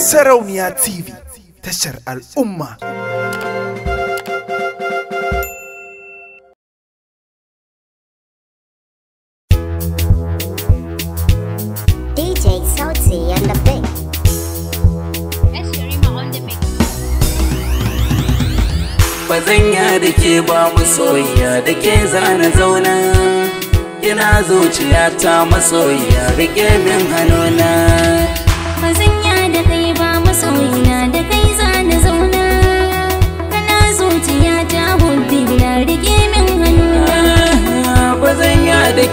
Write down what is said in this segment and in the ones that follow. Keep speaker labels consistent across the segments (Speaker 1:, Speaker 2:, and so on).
Speaker 1: Sarauniya TV tashar al'umma. DJ Sauti Bazanya da ke ba mu soyayya da ke zana zauna. Ina zuciya ta masoyiya rike min hannuna. Bazanya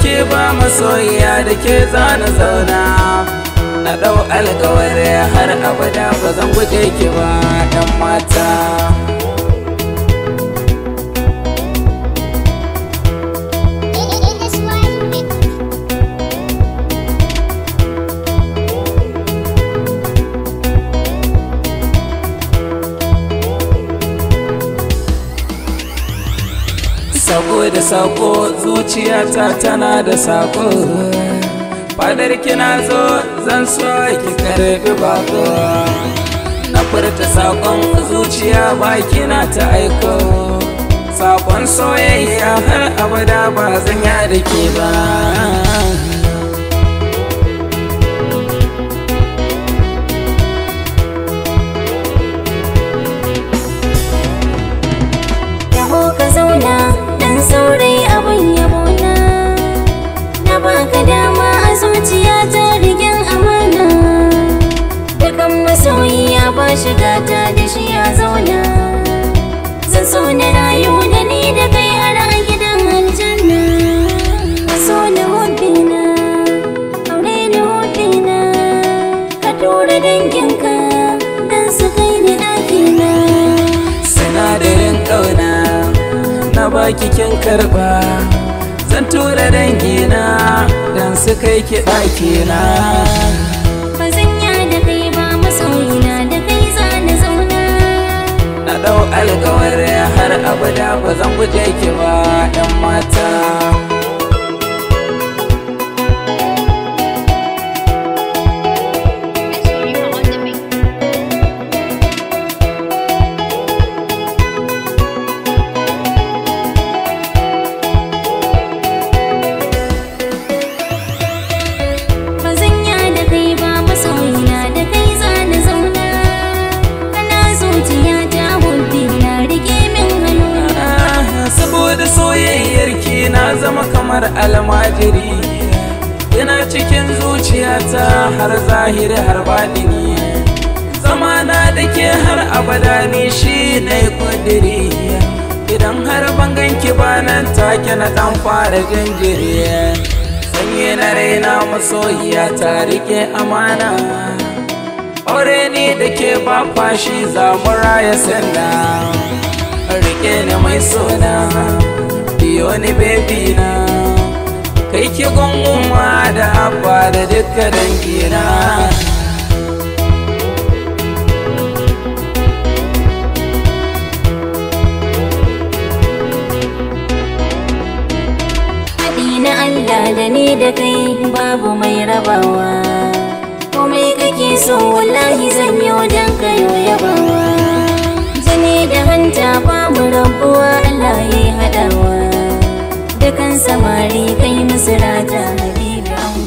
Speaker 1: ke ba masoyiya da ke zana zauna na ɗau alkawari har abada ba zan guje ki ba dan sako da sako Zuciya ta tana da sako fadar kina zo zan so ki karbi bako na furta sakon zuciya bakina ta aiko sakon soyayya har abada ba zan yada ke ba
Speaker 2: shiga ta da shi ya zauna zan so na rayu da ni da kai har a gidan aljanna so na hudina aure na hudina ka
Speaker 1: tura danginka dan su kai ni ɗakina sinadarin ƙauna na baki kin karɓa zan tura dangina dan su kai ki ɗakina almajiri ina cikin zuciyata har zahiri har batini zamana da ke har abada ni shi na kudiri idan har ban ganki ba nan take na dan fara jinjiri sanye na raina masoyiya ta rike amana aure ni da ke ba fashi zamura ya sanda rike ni mai sona biyo ni ki gungunma da abba da duka dangina
Speaker 2: na Allah da ni da kai babu mai rabawa komai kake so wallahi zan yi wajen kayo yabawa zane da hanta babu rabuwa samari kai musu rata habibi an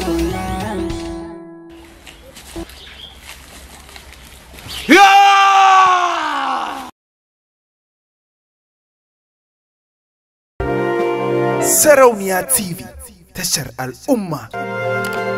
Speaker 1: Sarauniya TV, tashar al'umma.